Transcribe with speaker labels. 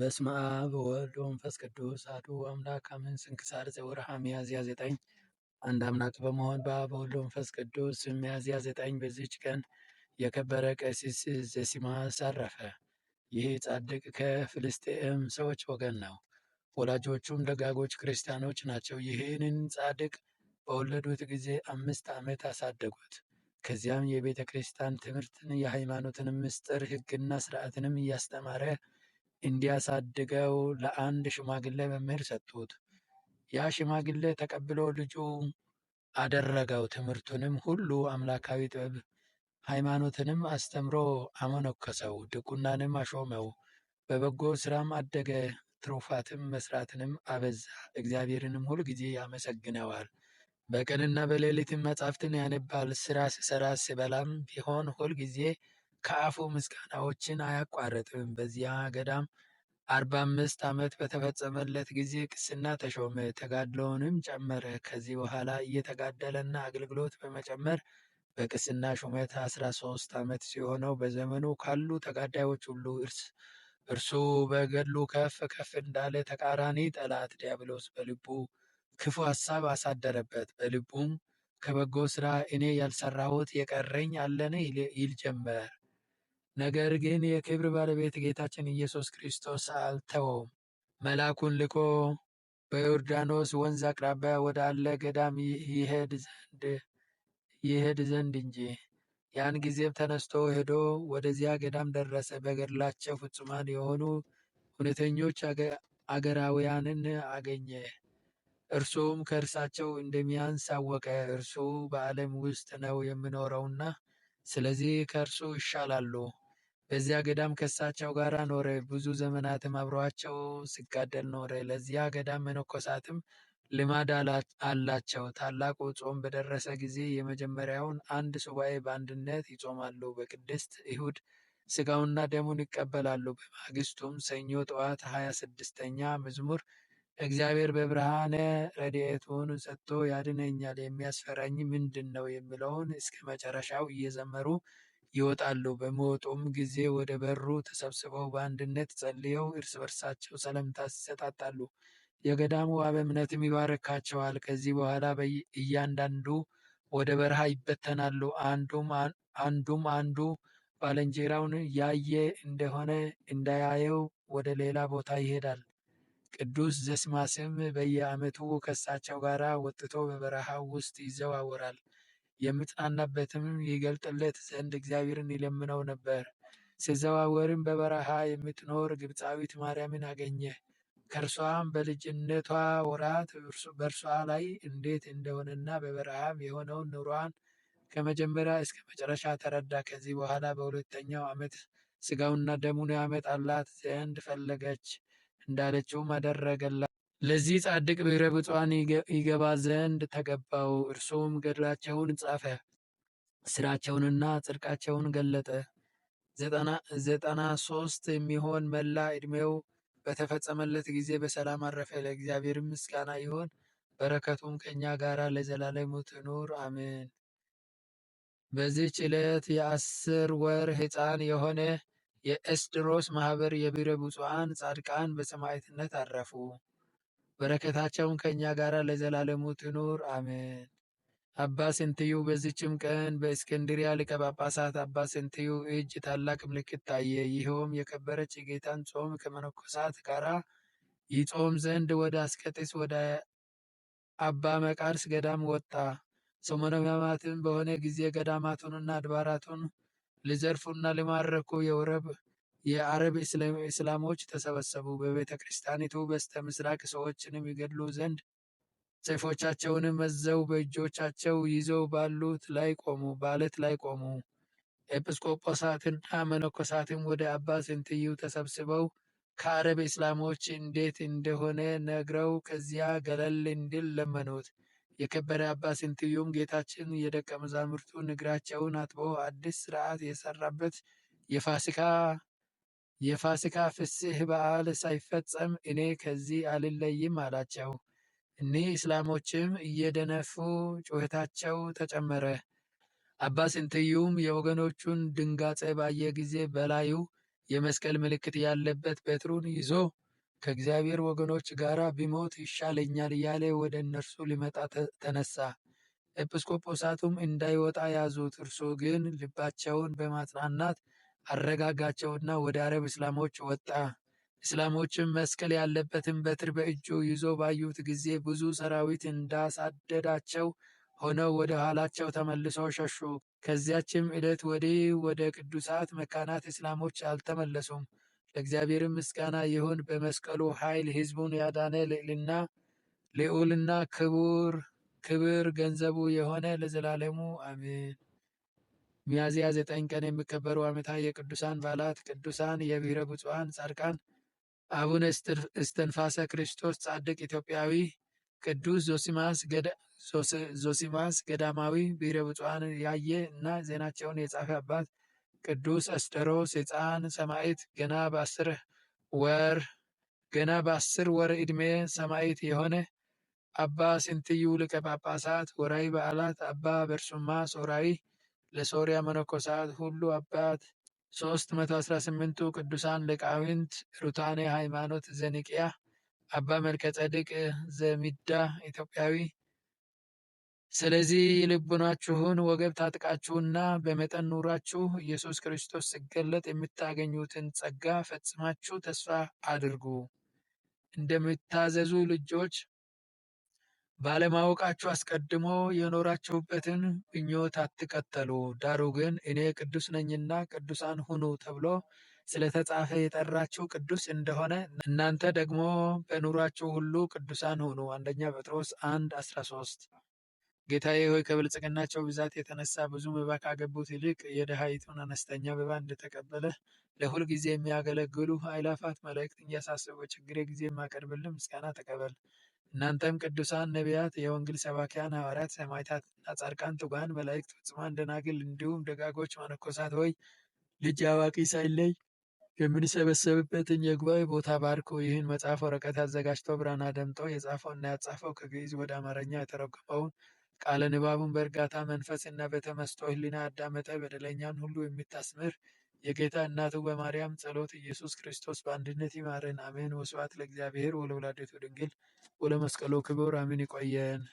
Speaker 1: በስመ አብ ወወልድ ወመንፈስ ቅዱስ አሐዱ አምላክ አሜን። ስንክሳር ዘወርሃ ሚያዝያ ዘጠኝ አንድ አምላክ በመሆን በአብ ወወልድ ወመንፈስ ቅዱስ። ሚያዝያ ዘጠኝ በዚች ቀን የከበረ ቀሲስ ዘሲማስ አረፈ። ይህ ጻድቅ ከፍልስጤም ሰዎች ወገን ነው። ወላጆቹም ደጋጎች ክርስቲያኖች ናቸው። ይህንን ጻድቅ በወለዱት ጊዜ አምስት ዓመት አሳደጉት። ከዚያም የቤተ ክርስቲያን ትምህርትን የሃይማኖትን ምስጢር ሕግና ስርዓትንም እያስተማረ እንዲያሳድገው ለአንድ ሽማግሌ መምህር ሰጡት። ያ ሽማግሌ ተቀብሎ ልጁ አደረገው። ትምህርቱንም ሁሉ አምላካዊ ጥበብ፣ ሃይማኖትንም አስተምሮ አመነከሰው ድቁናንም አሾመው። በበጎ ስራም አደገ። ትሩፋትም መስራትንም አበዛ። እግዚአብሔርንም ሁል ጊዜ ያመሰግነዋል። በቀንና በሌሊትም መጻሕፍትን ያነባል። ስራ ሲሠራ ሲበላም ቢሆን ሁል ጊዜ ከአፉ ምስጋናዎችን አያቋርጥም። በዚያ ገዳም አርባ አምስት ዓመት በተፈጸመለት ጊዜ ቅስና ተሾመ። ተጋድሎውንም ጨመረ። ከዚህ በኋላ እየተጋደለና አገልግሎት በመጨመር በቅስና ሹመት አስራ ሶስት ዓመት ሲሆነው በዘመኑ ካሉ ተጋዳዮች ሁሉ እርሱ በገድሉ ከፍ ከፍ እንዳለ ተቃራኒ ጠላት ዲያብሎስ በልቡ ክፉ ሐሳብ አሳደረበት። በልቡም ከበጎ ሥራ እኔ ያልሰራሁት የቀረኝ አለን ይል ጀመር። ነገር ግን የክብር ባለቤት ጌታችን ኢየሱስ ክርስቶስ አልተወውም። መልአኩን ልኮ በዮርዳኖስ ወንዝ አቅራቢያ ወዳለ ገዳም ይሄድ ዘንድ እንጂ። ያን ጊዜም ተነስቶ ሄዶ ወደዚያ ገዳም ደረሰ። በገድላቸው ፍጹማን የሆኑ እውነተኞች አገራውያንን አገኘ። እርሱም ከእርሳቸው እንደሚያንስ አወቀ። እርሱ በዓለም ውስጥ ነው የምኖረውና ስለዚህ ከእርሱ ይሻላሉ። በዚያ ገዳም ከእሳቸው ጋር ኖረ። ብዙ ዘመናትም አብረዋቸው ሲጋደል ኖረ። ለዚያ ገዳም መነኮሳትም ልማድ አላቸው። ታላቁ ጾም በደረሰ ጊዜ የመጀመሪያውን አንድ ሱባኤ በአንድነት ይጾማሉ። በቅድስት እሁድ ስጋውና ደሙን ይቀበላሉ። በማግስቱም ሰኞ ጠዋት 26 ስድስተኛ መዝሙር እግዚአብሔር በብርሃነ ረድኤቱን ሰጥቶ ያድነኛል የሚያስፈራኝ ምንድን ነው የሚለውን እስከ መጨረሻው እየዘመሩ ይወጣሉ። በመወጡም ጊዜ ወደ በሩ ተሰብስበው በአንድነት ጸልየው እርስ በርሳቸው ሰላምታ ይሰጣጣሉ። የገዳሙ አበ ምኔትም ይባርካቸዋል። ከዚህ በኋላ እያንዳንዱ ወደ በረሃ ይበተናሉ። አንዱም አንዱ ባልንጀራውን ያየ እንደሆነ እንዳያየው ወደ ሌላ ቦታ ይሄዳል። ቅዱስ ዘስማስም በየዓመቱ ከእሳቸው ጋር ወጥቶ በበረሃው ውስጥ ይዘዋወራል። የሚጽናናበትንም ይገልጥለት ዘንድ እግዚአብሔርን ይለምነው ነበር። ሲዘዋወርም በበረሃ የምትኖር ግብፃዊት ማርያምን አገኘ። ከእርሷም በልጅነቷ ወራት በእርሷ ላይ እንዴት እንደሆነና በበረሃም የሆነውን ኑሯን ከመጀመሪያ እስከ መጨረሻ ተረዳ። ከዚህ በኋላ በሁለተኛው ዓመት ስጋውና ደሙን ያመጣላት ዘንድ ፈለገች፣ እንዳለችውም አደረገላት። ለዚህ ጻድቅ ብሔረ ብፁዓን ይገባ ዘንድ ተገባው። እርሱም ገድላቸውን ጻፈ፣ ስራቸውንና ጽድቃቸውን ገለጠ። ዘጠና ሶስት የሚሆን መላ ዕድሜው በተፈጸመለት ጊዜ በሰላም አረፈ። ለእግዚአብሔር ምስጋና ይሁን፣ በረከቱም ከእኛ ጋር ለዘላለሙ ትኑር አሜን። በዚህች ዕለት የአስር ወር ሕፃን የሆነ የኤስድሮስ ማኅበር የብሔረ ብፁዓን ጻድቃን በሰማዕትነት አረፉ። በረከታቸውን ከእኛ ጋር ለዘላለሙ ትኑር አሜን። አባ ስንትዩ በዚችም ቀን በእስክንድሪያ ሊቀ ጳጳሳት አባ ስንትዩ እጅ ታላቅ ምልክት ታየ። ይኸውም የከበረች የጌታን ጾም ከመነኮሳት ጋር ይጾም ዘንድ ወደ አስቀጢስ ወደ አባ መቃርስ ገዳም ወጣ። ሰሙነ ሕማማትም በሆነ ጊዜ ገዳማቱንና አድባራቱን ሊዘርፉና ሊማርኩ የወረብ የአረብ እስላሞች ተሰበሰቡ፣ በቤተ ክርስቲያኒቱ በስተ ምስራቅ ሰዎችንም ይገድሉ ዘንድ ሰይፎቻቸውንም መዘው በእጆቻቸው ይዘው ባሉት ላይ ቆሙ ባለት ላይ ቆሙ። ኤጲስቆጶሳትና መነኮሳትም ወደ አባ ስንትዩ ተሰብስበው ከአረብ እስላሞች እንዴት እንደሆነ ነግረው ከዚያ ገለል እንዲል ለመኑት። የከበረ አባ ስንትዩም ጌታችን የደቀ መዛሙርቱ እግራቸውን አጥቦ አዲስ ስርዓት የሰራበት የፋሲካ የፋሲካ ፍስህ በዓል ሳይፈጸም እኔ ከዚህ አልለይም አላቸው። እኒህ እስላሞችም እየደነፉ ጩኸታቸው ተጨመረ። አባ ስንትዩም የወገኖቹን ድንጋጼ ባየ ጊዜ በላዩ የመስቀል ምልክት ያለበት በትሩን ይዞ ከእግዚአብሔር ወገኖች ጋር ቢሞት ይሻለኛል እያለ ወደ እነርሱ ሊመጣ ተነሳ። ኤጲስቆጶሳቱም እንዳይወጣ ያዙት። እርሱ ግን ልባቸውን በማጽናናት አረጋጋቸውና ወደ አረብ እስላሞች ወጣ። እስላሞችም መስቀል ያለበትን በትር በእጁ ይዞ ባዩት ጊዜ ብዙ ሰራዊት እንዳሳደዳቸው ሆነው ወደ ኋላቸው ተመልሶ ሸሹ። ከዚያችም ዕለት ወዲህ ወደ ቅዱሳት መካናት እስላሞች አልተመለሱም። ለእግዚአብሔር ምስጋና ይሁን። በመስቀሉ ኃይል ሕዝቡን ያዳነ ልዕልና ልዑልና ክቡር ክብር ገንዘቡ የሆነ ለዘላለሙ አሜን። ሚያዝያ ዘጠኝ ቀን የሚከበሩ ዓመታዊ የቅዱሳን በዓላት ቅዱሳን የብሔረ ብፁዓን ጻድቃን አቡነ እስትንፋሰ ክርስቶስ ጻድቅ ኢትዮጵያዊ፣ ቅዱስ ዞሲማስ ገዳማዊ፣ ብሔረ ብፁዓን ያየ እና ዜናቸውን የጻፈ አባት፣ ቅዱስ አስጠሮስ ሕፃን ሰማዕት ገና በአስር ወር ገና በአስር ወር ዕድሜ ሰማዕት የሆነ አባ ስንትዩ ሊቀ ጳጳሳት። ወርኃዊ በዓላት አባ በርሱማ ሶርያዊ ለሶርያ መነኮሳት ሁሉ አባት ሶስት መቶ አስራ ስምንቱ ቅዱሳን ሊቃውንት ሩታኔ ሃይማኖት ዘኒቅያ አባ መልከ ጸድቅ ዘሚዳ ኢትዮጵያዊ። ስለዚህ ልቡናችሁን ወገብ ታጥቃችሁና በመጠን ኑራችሁ ኢየሱስ ክርስቶስ ሲገለጥ የምታገኙትን ጸጋ ፈጽማችሁ ተስፋ አድርጉ። እንደምታዘዙ ልጆች ባለማወቃችሁ አስቀድሞ የኖራችሁበትን ምኞት አትከተሉ። ዳሩ ግን እኔ ቅዱስ ነኝና ቅዱሳን ሁኑ ተብሎ ስለተጻፈ የጠራችሁ ቅዱስ እንደሆነ እናንተ ደግሞ በኑሯችሁ ሁሉ ቅዱሳን ሁኑ። አንደኛ ጴጥሮስ 1 13 ጌታዬ ሆይ ከብልጽግናቸው ብዛት የተነሳ ብዙ መባ ካገቡት ይልቅ የደሃይቱን አነስተኛ መባ እንደተቀበለ ለሁል ጊዜ የሚያገለግሉ ኃይላፋት መላእክት እያሳሰቡ ችግሬ ጊዜ የማቀርብልን ምስጋና ተቀበል። እናንተም ቅዱሳን ነቢያት፣ የወንጌል ሰባኪያን ሐዋርያት፣ ሰማዕታትና ጻድቃን፣ ትጉሃን መላእክት፣ ፍጹማን ደናግል፣ እንዲሁም ደጋጎች መነኮሳት ሆይ ልጅ አዋቂ ሳይለይ የምንሰበሰብበትን የጉባኤ ቦታ ባርኮ ይህን መጽሐፍ ወረቀት አዘጋጅተው ብራና ደምጦ የጻፈው እና ያጻፈው ከግዕዝ ወደ አማርኛ የተረጎመውን ቃለ ንባቡን በእርጋታ መንፈስ እና በተመስጦ ሕሊና ያዳመጠ በደለኛን ሁሉ የሚታስምር የጌታ እናቱ በማርያም ጸሎት ኢየሱስ ክርስቶስ በአንድነት ይማረን። አሜን። ወስብሐት ለእግዚአብሔር ወለወላዲቱ ድንግል ወለመስቀሉ ክቡር። አሜን። ይቆየን።